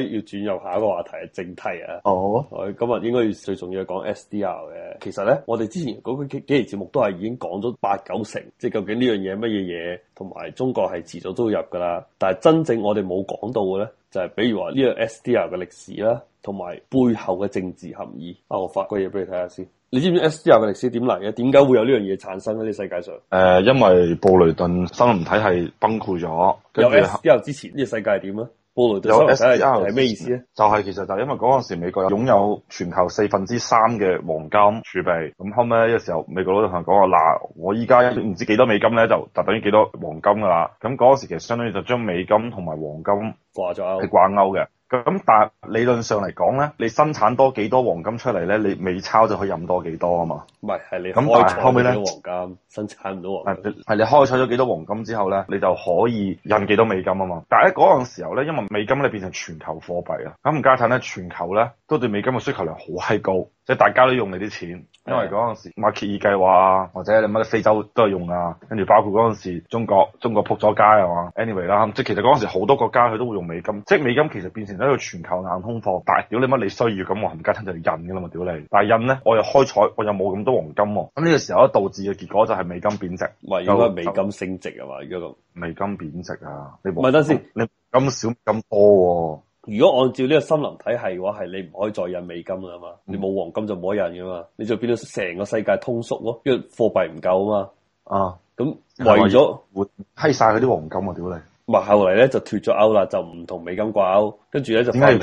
要轉入下一個話題啊，正題啊！哦，oh. 今日應該要最重要講 S D R 嘅。其實咧，我哋之前嗰幾期節目都係已經講咗八九成，即係究竟呢樣嘢乜嘢嘢，同埋中國係遲早都會入噶啦。但係真正我哋冇講到嘅咧，就係、是、比如話呢個 S D R 嘅歷史啦，同埋背後嘅政治含義。啊，我發個嘢俾你睇下先。你知唔知 S D R 嘅歷史點嚟嘅？點解會有呢樣嘢產生喺呢世界上？誒、呃，因為布雷頓森林體系崩潰咗。 有 S D R 之前呢、這個世界係點啊？有 SDR 係咩意思咧？就係其實就係因為嗰陣時美國有擁有全球四分之三嘅黃金儲備，咁後尾呢個時候美國佬就同人講話嗱，我依家唔知幾多美金咧，就就等於幾多黃金噶啦，咁嗰時其實相當於就將美金同埋黃金掛咗係掛鈎嘅。咁但係理論上嚟講咧，你生產多幾多黃金出嚟咧，你美鈔就可以印多幾多啊嘛。唔係，係你開採咗幾多黃金，是生產唔到啊。係你開採咗幾多黃金之後咧，你就可以印幾多美金啊嘛。但係喺嗰個時候咧，因為美金咧變成全球貨幣啊，咁唔加上咧全球咧。都對美金嘅需求量好閪高，即係大家都用你啲錢，因為嗰陣時馬歇爾計劃啊，或者你乜四周都係用啊，跟住包括嗰陣時中國中國撲咗街啊嘛，Anyway 啦，即係其實嗰陣時好多國家佢都會用美金，即係美金其實變成一個全球硬通貨，但係屌你乜你需要咁，我冚家鏟就印㗎啦嘛，屌你！但係印咧我又開採，我又冇咁多黃金喎，咁呢個時候導致嘅結果就係美金貶值，唔係應該美金升值啊嘛？而家個美金貶值啊，你唔係等先，你金少金多喎、啊。如果按照呢個森林體系嘅話，係你唔可以再印美金啦嘛，嗯、你冇黃金就冇得印噶嘛，你就變到成個世界通縮咯，因為貨幣唔夠啊嘛。啊，咁為咗活，閪晒佢啲黃金啊，屌你！唔係後嚟咧就脱咗鈎啦，就唔同美金掛鈎，跟住咧就為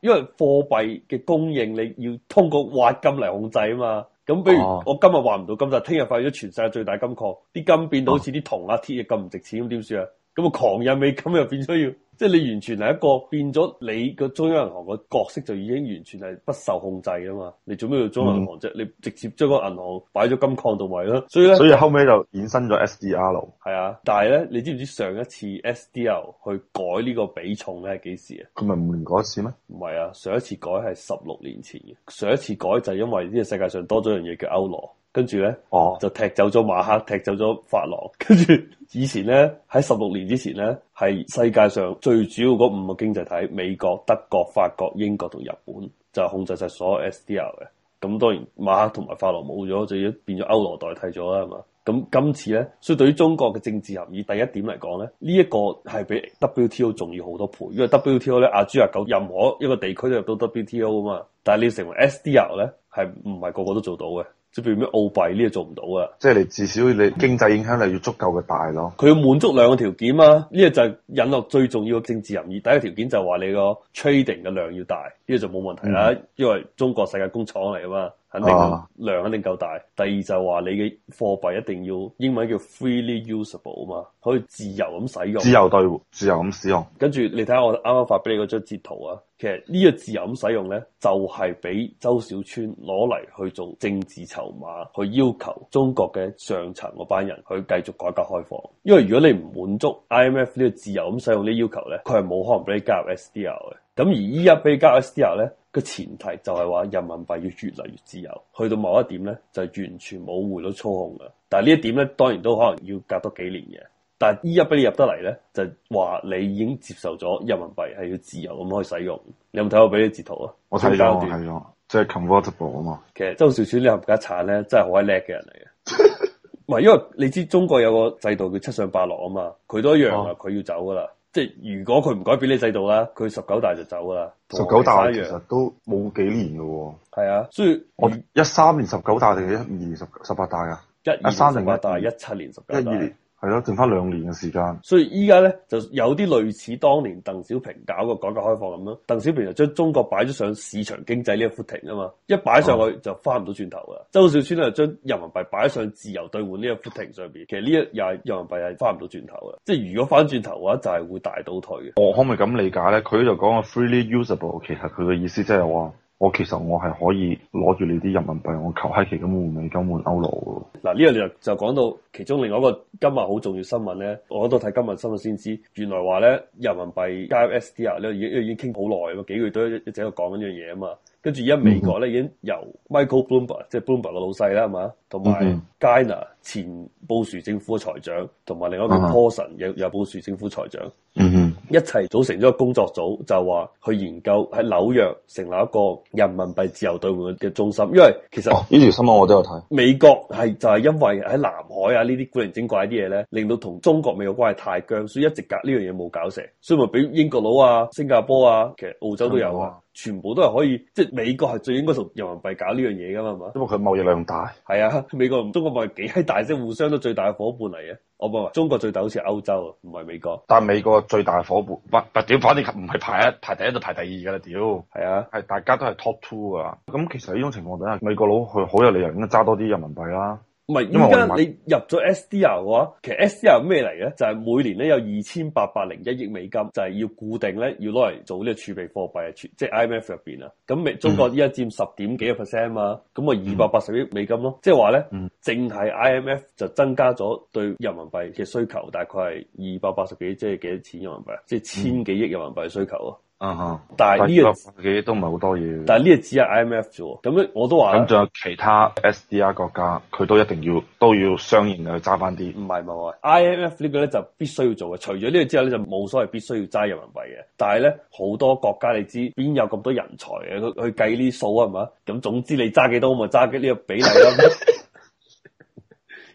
因為貨幣嘅供應你要通過挖金嚟控制啊嘛。咁比如我今日挖唔到金，就係聽日發現咗全世界最大金礦，啲金變到好似啲銅啊，啊鐵咁唔值錢咁點算啊？咁啊狂印美金又變需要。即係你完全係一個變咗你個中央銀行個角色就已經完全係不受控制㗎嘛！你做咩要中央銀行啫？嗯、你直接將個銀行擺咗金礦度位咯？所以咧，所以後尾就衍生咗 SDR。係啊，但係咧，你知唔知上一次 SDL 去改呢個比重咧係幾時啊？佢咪五年改一次咩？唔係啊，上一次改係十六年前嘅，上一次改就係因為呢個世界上多咗樣嘢叫歐羅。跟住咧，oh. 就踢走咗馬克，踢走咗法郎。跟住以前咧，喺十六年之前咧，係世界上最主要嗰五個經濟體：美國、德國、法國、英國同日本就控制晒所有 S D R 嘅。咁當然馬克同埋法郎冇咗，就要變咗歐羅代替咗啦。係嘛？咁今次咧，所以對於中國嘅政治含義，第一點嚟講咧，呢一個係比 W T O 重要好多倍。因為 W T O 咧，亞豬亞狗任何一個地區都入到 W T O 啊嘛，但係你要成為 S D R 咧，係唔係個個都做到嘅？即譬如咩澳幣呢個做唔到啊！即係你至少你經濟影響力要足夠嘅大咯。佢、嗯、要滿足兩個條件啊！呢、這個就係引落最重要嘅政治任意。第一個條件就係話你個 trading 嘅量要大，呢、這個就冇問題啦，嗯、因為中國世界工廠嚟啊嘛。肯定量肯定夠大。第二就係話你嘅貨幣一定要英文叫 freely usable 啊嘛，可以自由咁使用，自由兌換，自由咁使用。跟住你睇下我啱啱發俾你嗰張截圖啊，其實呢個自由咁使用咧，就係俾周小川攞嚟去做政治籌碼，去要求中國嘅上層嗰班人去繼續改革開放。因為如果你唔滿足 IMF 呢個自由咁使用呢要求咧，佢係冇可能俾你加入 SDR 嘅。咁而依家俾你加入 SDR 咧。個前提就係話，人民幣要越嚟越自由，去到某一點咧就係、完全冇匯率操控噶。但係呢一點咧，當然都可能要隔多幾年嘅。但係依一筆入得嚟咧，就話、是、你已經接受咗人民幣係要自由咁可以使用。你有冇睇我俾你截圖啊？我睇到，係即係 convertible 啊嘛。其實周少主你而家查咧，真係好鬼叻嘅人嚟嘅。唔係，因為你知中國有個制度叫七上八落啊嘛，佢都一樣啊，佢要走噶啦。即係如果佢唔改變你制度啦，佢十九大就走啦。十九大其實都冇幾年嘅喎、哦。係啊，所以我一三年十九大定係一二年十八一二年十八大啊？一三年十八大，一七年十九大。一二年。係咯，剩翻兩年嘅時間。所以依家咧就有啲類似當年鄧小平搞個改革開放咁咯。鄧小平就將中國擺咗上市場經濟呢個 footing 啊嘛，一擺上去就翻唔到轉頭啦。嗯，周小川就將人民幣擺上自由兌換呢個 footing 上邊，其實呢一又係人民幣係翻唔到轉頭嘅。即係如果翻轉頭嘅話，就係會大倒退嘅。我可唔可以咁理解咧？佢就講個 freely usable，其實佢嘅意思即係話。我其實我係可以攞住你啲人民幣，我求其咁換美金換歐羅嘅。嗱，呢樣就就講到其中另外一個今日好重要新聞咧，我都睇今日新聞先知，原來話咧人民幣加入 SDR 咧，已經已經傾好耐，幾個月都一,一直喺度講緊呢樣嘢啊嘛。跟住而家美國咧已經由 Michael Bloomberg 即係 Bloomberg 嘅老細啦，係嘛？同埋 Gina 前布殊政府嘅財長，同埋另外一個 Paulson 又又布殊政府財長。嗯哼、嗯。嗯嗯一齊組成咗個工作組，就話去研究喺紐約成立一個人民幣自由兌換嘅中心，因為其實呢條新聞我都有睇，美國係就係因為喺南海啊呢啲古靈精怪啲嘢咧，令到同中國美國關係太僵，所以一直隔呢樣嘢冇搞成，所以咪俾英國佬啊、新加坡啊，其實澳洲都有啊。全部都係可以，即係美國係最應該同人民幣搞呢樣嘢噶嘛係嘛？因為佢貿易量大。係啊，美國同中國貿易幾閪大，即係互相都最大嘅伙伴嚟嘅。我唔話中國最大好似歐洲，啊，唔係美國，但係美國最大嘅伙伴。不係屌，反正唔係排一排第一就排第二㗎啦，屌。係啊，係大家都係 top two 㗎。咁其實呢種情況底下，美國佬佢好有理由應該揸多啲人民幣啦。唔係，依家你入咗 SDR 嘅話，其實 SDR 咩嚟嘅？就係每年咧有二千八百零一億美金，就係、是、要固定咧要攞嚟做呢個儲備貨幣啊，即係 IMF 入邊啊。咁未中國依家佔十點幾個 percent 啊，咁啊，二百八十億美金咯。即係話咧，淨係 IMF 就增加咗對人民幣嘅需求，大概係二百八十幾，即係幾多錢人民幣啊？即係千幾億人民幣嘅需求咯。嗯哼，uh、huh，但係呢、這個幾都唔係好多嘢，但係呢個只係 IMF 啫，咁我都話。咁仲有其他 SDR 國家，佢都一定要都要相應去揸翻啲。唔係唔係，IMF 呢個咧就必須要做嘅。除咗呢個之後咧，就冇所謂必須要揸人民幣嘅。但係咧，好多國家你知邊有咁多人才嘅去去計呢數係嘛？咁總之你揸幾多咪揸幾呢個比例咯。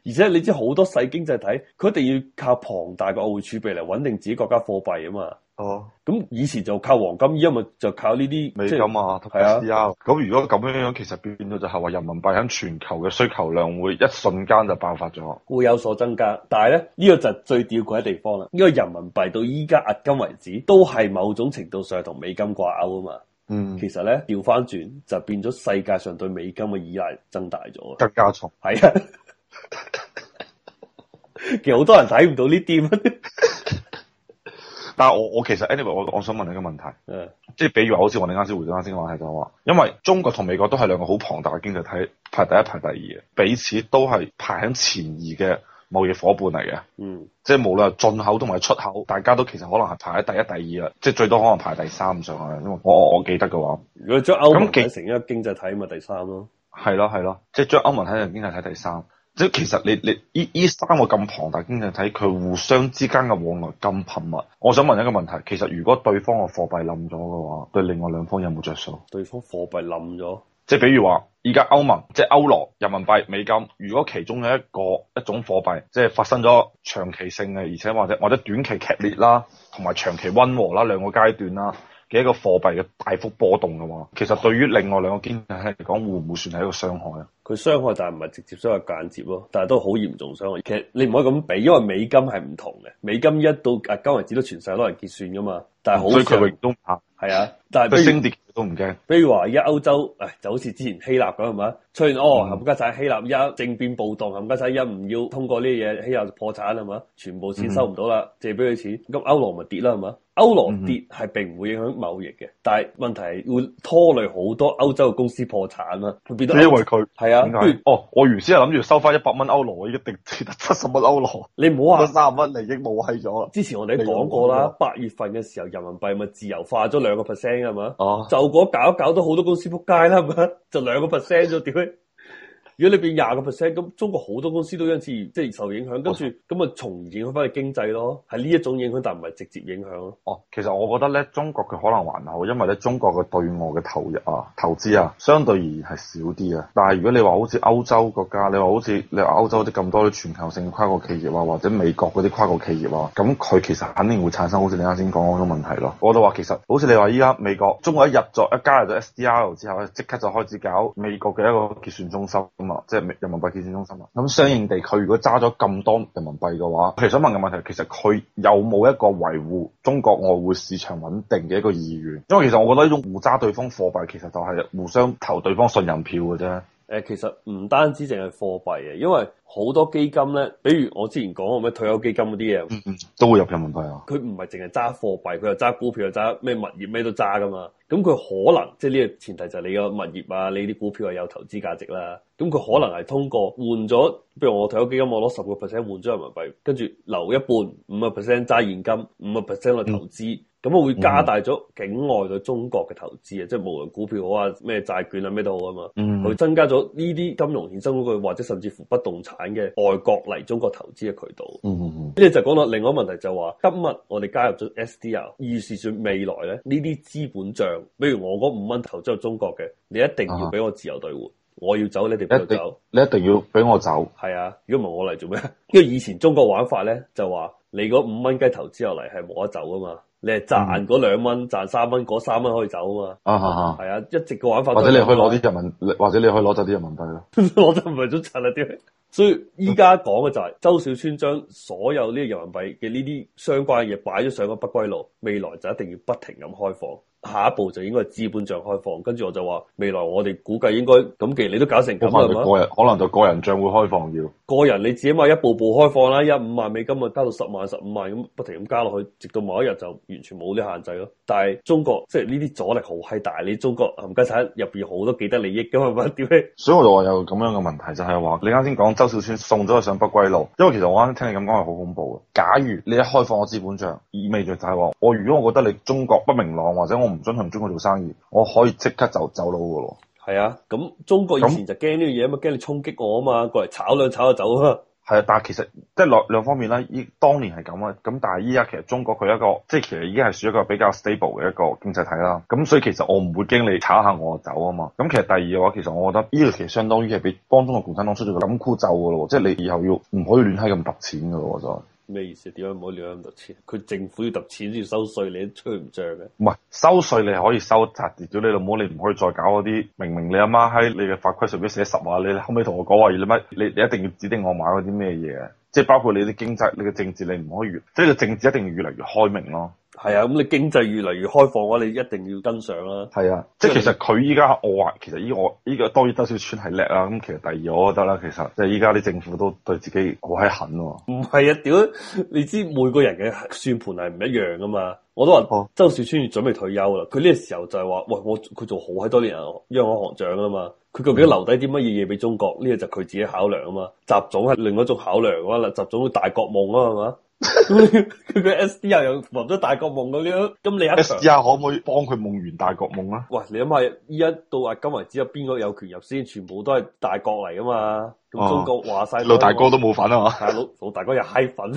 而且你知好多細經濟體，佢一定要靠龐大嘅外匯儲備嚟穩定自己國家貨幣啊嘛。哦，咁以前就靠黃金，依家咪就靠呢啲美金、就是、啊。係啊，咁如果咁樣樣，其實變咗就係話人民幣喺全球嘅需求量會一瞬間就爆發咗，會有所增加。但係咧呢、這個就係最吊詭嘅地方啦。呢個人民幣到依家押金為止，都係某種程度上同美金掛鈎啊嘛。嗯，其實咧調翻轉就變咗世界上對美金嘅依賴增大咗，更加重。係啊，其實好多人睇唔到呢啲。但我我其實 anyway 我我想問你個問題，即係的比如話好似我哋啱先回應啱先嘅話題就話，因為中國同美國都係兩個好龐大嘅經濟體，排第一排第二嘅，彼此都係排喺前二嘅貿易夥伴嚟嘅。嗯，即係無論係進口同埋出口，大家都其實可能係排喺第一第二啦，即係最多可能排第三上去。因為我我記得嘅話，如果將歐盟睇成一個那經，經濟體咪第三咯，係咯，係咯，即係將歐盟睇成經濟體睇第三。即係其實你你依依三個咁龐大經濟體，佢互相之間嘅往來咁頻密，我想問一個問題：其實如果對方嘅貨幣冧咗嘅話，對另外兩方有冇着數？對方貨幣冧咗，即係比如話，依家歐盟即係歐羅、人民幣、美金，如果其中有一個一種貨幣即係發生咗長期性嘅，而且或者或者短期劇烈啦，同埋長期温和啦兩個階段啦嘅一個貨幣嘅大幅波動嘅話，其實對於另外兩個經濟體嚟講，會唔會算係一個傷害啊？佢傷害，但係唔係直接傷害，間接咯，但係都好嚴重傷害。其實你唔可以咁比，因為美金係唔同嘅，美金一到亞金為止都全世界攞嚟結算噶嘛。但係好，佢永遠都唔怕！但係升跌都唔驚。譬如話而家歐洲，誒就好似之前希臘咁係嘛？出現哦，冚、嗯、家產希臘一政變暴動，冚家產一唔要通過呢啲嘢，希臘就破產係嘛？全部錢收唔到啦，嗯、借俾佢錢，咁歐羅咪跌啦係嘛？歐羅跌係並唔會影響貿易嘅，嗯、但係問題係會拖累好多歐洲嘅公司破產啊。會變咗。因為佢係。啊！如哦，我原先係諗住收翻一百蚊歐羅，我一定得七十蚊歐羅。你唔好話三十蚊利益冇係咗。之前我哋講過啦，八月份嘅時候人民幣咪自由化咗兩個 percent 嘅係嘛？哦，啊、就嗰搞搞到好多公司仆街啦，係嘛？就兩個 percent 咗，點 如果你變廿個 percent，咁中國好多公司都因此即係受影響，跟住咁啊重建翻嘅經濟咯，係呢一種影響，但唔係直接影響咯。哦，其實我覺得咧，中國佢可能還好，因為咧中國嘅對外嘅投入啊、投資啊，相對而言係少啲啊。但係如果你話好似歐洲國家，你話好似你話歐洲啲咁多啲全球性嘅跨國企業啊，或者美國嗰啲跨國企業啊，咁佢其實肯定會產生好似你啱先講嗰種問題咯。我都話其實好似你話依家美國，中國一入咗一加入咗 SDR 之後咧，即刻就開始搞美國嘅一個結算中心。即係人民幣結算中心啊！咁相應地，佢如果揸咗咁多人民幣嘅話，譬如想問嘅問題，其實佢有冇一個維護中國外匯市場穩定嘅一個意願？因為其實我覺得呢種互揸對方貨幣，其實就係互相投對方信任票嘅啫。誒、呃，其實唔單止淨係貨幣嘅，因為。好多基金咧，比如我之前講過咩退休基金嗰啲嘢，都會入人民幣啊！佢唔係淨係揸貨幣，佢又揸股票，又揸咩物業咩都揸噶嘛。咁佢可能即係呢個前提就係你個物業啊，你啲股票係有投資價值啦。咁佢可能係通過換咗，譬如我退休基金我攞十個 percent 換咗人民幣，跟住留一半五個 percent 揸現金，五個 percent 去投資，咁我、嗯、會加大咗境外對中國嘅投資啊，嗯、即係無論股票好啊，咩債券啊咩都好啊嘛。嗯，佢增加咗呢啲金融衍生工具，或者甚至乎不動產。嘅外國嚟中國投資嘅渠道，嗯嗯嗯，呢就講到另外一個問題就話，今日我哋加入咗 SDR，預示住未來咧呢啲資本賬，比如我嗰五蚊投資入中國嘅，你一定要俾我自由兌換，uh huh. 我要走你哋就走，你一定要俾我走，係啊，如果唔係我嚟做咩？ 因為以前中國玩法咧就話，你嗰五蚊雞投資入嚟係冇得走噶嘛。你係賺嗰兩蚊，賺三蚊，嗰三蚊可以走嘛啊嘛。啊，係啊，一直個玩法或。或者你可以攞啲人民幣，或者你可以攞走啲人民幣啦。攞走唔係都賺啦啲。所以依家講嘅就係周小川將所有呢人民幣嘅呢啲相關嘅嘢擺咗上個不歸路，未來就一定要不停咁開放。下一步就應該係資本帳開放，跟住我就話未來我哋估計應該咁，既然你都搞成咁啦。可能人吧可能就個人帳會開放要個人，你自己咪一步步開放啦，一五萬美金啊，加到十萬、十五萬咁不停咁加落去，直到某一日就完全冇呢限制咯。但係中國即係呢啲阻力好閪大，你中國冚家鏟入邊好多既得利益㗎嘛？點解？ 所以我就話有咁樣嘅問題就係、是、話你啱先講周小川送咗佢上不歸路，因為其實我啱聽你咁講係好恐怖嘅。假如你一開放個資本帳，意味著就係我如果我覺得你中國不明朗或者我。唔准同中國做生意，我可以即刻就走佬噶咯。係啊，咁、嗯、中國以前就驚呢樣嘢啊嘛，驚你衝擊我啊嘛，過嚟炒兩炒就走。係啊，但係其實即係兩兩方面啦。依當年係咁啊，咁但係依家其實中國佢一個即係其實已經係算一個比較 stable 嘅一個經濟體啦。咁所以其實我唔會驚你炒下我就走啊嘛。咁其實第二嘅話，其實我覺得呢個其實相當於係俾當中國共產黨出咗個金箍咒噶咯，即係你以後要唔可以亂閪咁揼錢噶咯喎，就。咩意思？點解唔好亂咁揼錢？佢政府要揼錢先收稅，你都吹唔漲嘅。唔係收稅你可以收，但跌咗你老母你唔可以再搞嗰啲。明明你阿媽喺你嘅法規上面寫十萬，你後尾同我講話你乜？你你一定要指定我買嗰啲咩嘢？即係包括你啲經濟、你嘅政治，你唔可以越，即係個政治一定要越嚟越開明咯。係啊，咁你經濟越嚟越開放嘅、啊、話，你一定要跟上啦、啊。係啊，即係其實佢依家，我話其實依我依個當然周小川係叻啦。咁其實第二，我覺得啦，其實即係依家啲政府都對自己好閪狠。唔係啊，屌、啊、你知，你知每個人嘅算盤係唔一樣噶嘛？我都話周小川要準備退休啦。佢呢、哦、個時候就係話喂，我佢做好喺多年央行行長啊嘛。佢究竟留低啲乜嘢嘢俾中國？呢、這個就佢自己考量啊嘛。習總係另一種考量啊啦，習總大國夢啊嘛。佢佢 S, S D 又又發咗大國夢咁樣，咁你 S, S D 啊可唔可以幫佢夢完大國夢啊？喂，你諗下依家到阿今為止有邊個有權入先？全部都係大國嚟㗎嘛？咁中國、嗯、話晒，老大哥都冇份啊嘛，老老大哥又嗨粉，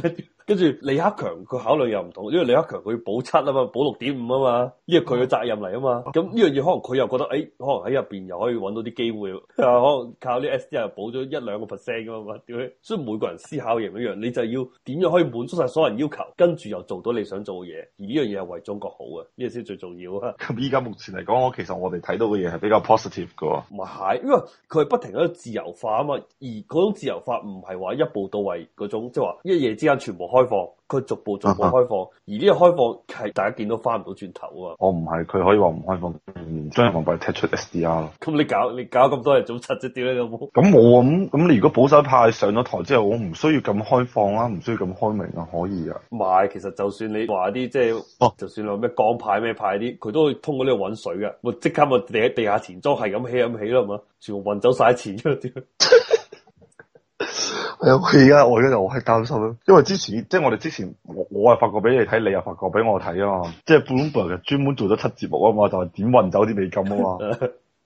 跟住李克強佢考慮又唔同，因為李克強佢要保七啊嘛，保六點五啊嘛，呢個佢嘅責任嚟啊嘛，咁呢、嗯嗯、樣嘢可能佢又覺得，誒、哎，可能喺入邊又可以揾到啲機會，啊，可能靠啲 SDR 又保咗一兩個 percent 啊嘛，屌，所以每個人思考嘢唔一樣，你就要點樣可以滿足晒所有人要求，跟住又做到你想做嘅嘢，而呢樣嘢係為中國好啊，呢、呢個先最重要啊。咁依家目前嚟講，我其實我哋睇到嘅嘢係比較 positive 嘅。唔係，因為佢係不停喺度自由化啊嘛。而嗰種自由化唔係話一步到位嗰種，即係話一夜之間全部開放，佢逐步逐步開放。啊、而呢個開放係大家見都翻唔到轉頭啊！我唔係，佢可以話唔開放，將人民幣踢出 SDR 咯。咁你搞你搞咁多嘢做七啫？點解有冇？咁冇啊！咁咁你如果保守派上咗台之後，我唔需要咁開放啦，唔需要咁開明啊，可以啊。唔係其實就算你話啲即係哦，就，是啊、就算你話咩港派咩派啲，佢都會通過呢度揾水嘅，我即刻我地喺地下錢莊係咁起咁起啦，係嘛？全部運走晒錢咗點？ 係啊，我而家我而家就我係擔心，因為之前即係我哋之前，我我係發過俾你睇，你又發過俾我睇啊嘛。即係 Bloomberg 專門做咗七節目啊嘛，就係點運走啲美金啊嘛。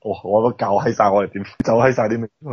哇，我都教喺晒我哋點走喺晒啲美金。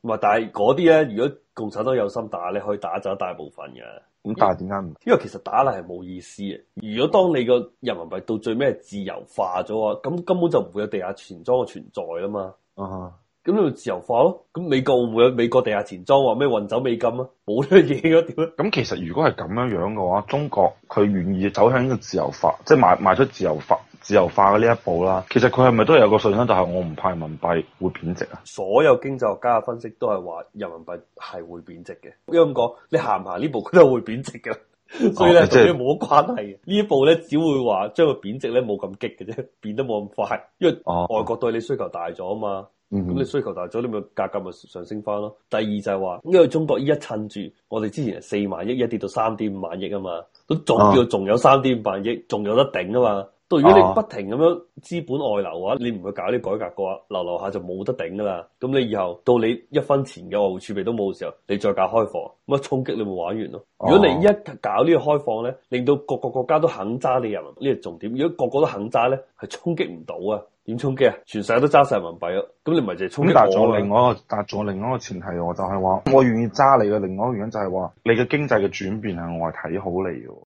唔係，但係嗰啲咧，如果共產黨有心打你可以打走大部分嘅。咁但係點解唔？因為其實打嚟係冇意思嘅。如果當你個人民幣到最尾係自由化咗啊，咁根本就唔會有地下錢莊嘅存在啊嘛。啊、uh。Huh. 咁你要自由化咯，咁美國會唔會有美國地下錢莊話咩運走美金啊？冇呢嘢咯，點咧？咁其實如果係咁樣樣嘅話，中國佢願意走向呢個自由化，即係邁邁出自由化，自由化嘅呢一步啦。其實佢係咪都係有個信心，但係我唔怕人民幣會貶值啊？所有經濟學家嘅分析都係話，人民幣係會貶值嘅。因為咁講，你行唔行呢步，佢都係會貶值嘅。哦、 所以咧，同你冇關係嘅。呢一步咧，只會話將個貶值咧冇咁激嘅啫，變得冇咁快，因為外國對你需求大咗啊嘛。嗯咁、嗯、你需求大咗，你咪價格咪上升翻咯第二就係話，因為中國依家趁住我哋之前係四萬億，一跌到三點五萬億啊嘛，都仲要仲有三點五萬億，仲有得頂啊嘛。到如果你不停咁樣資本外流嘅、啊、話，你唔去搞啲改革嘅話，留留下就冇得頂噶啦。咁你以後到你一分錢嘅外匯儲備都冇嘅時候，你再搞開放，咁啊衝擊你咪玩完咯。啊、如果你一搞呢個開放咧，令到各個國家都肯揸你人民幣呢個重點。如果個個都肯揸咧，係衝擊唔到啊。點衝擊啊？全世界都揸人民幣咯，咁你唔係就係充？但係仲有另外一個，一個前提，我就係話，我願意揸你嘅另外一個原因就係、是、話，你嘅經濟嘅轉變啊，我係睇好你嘅。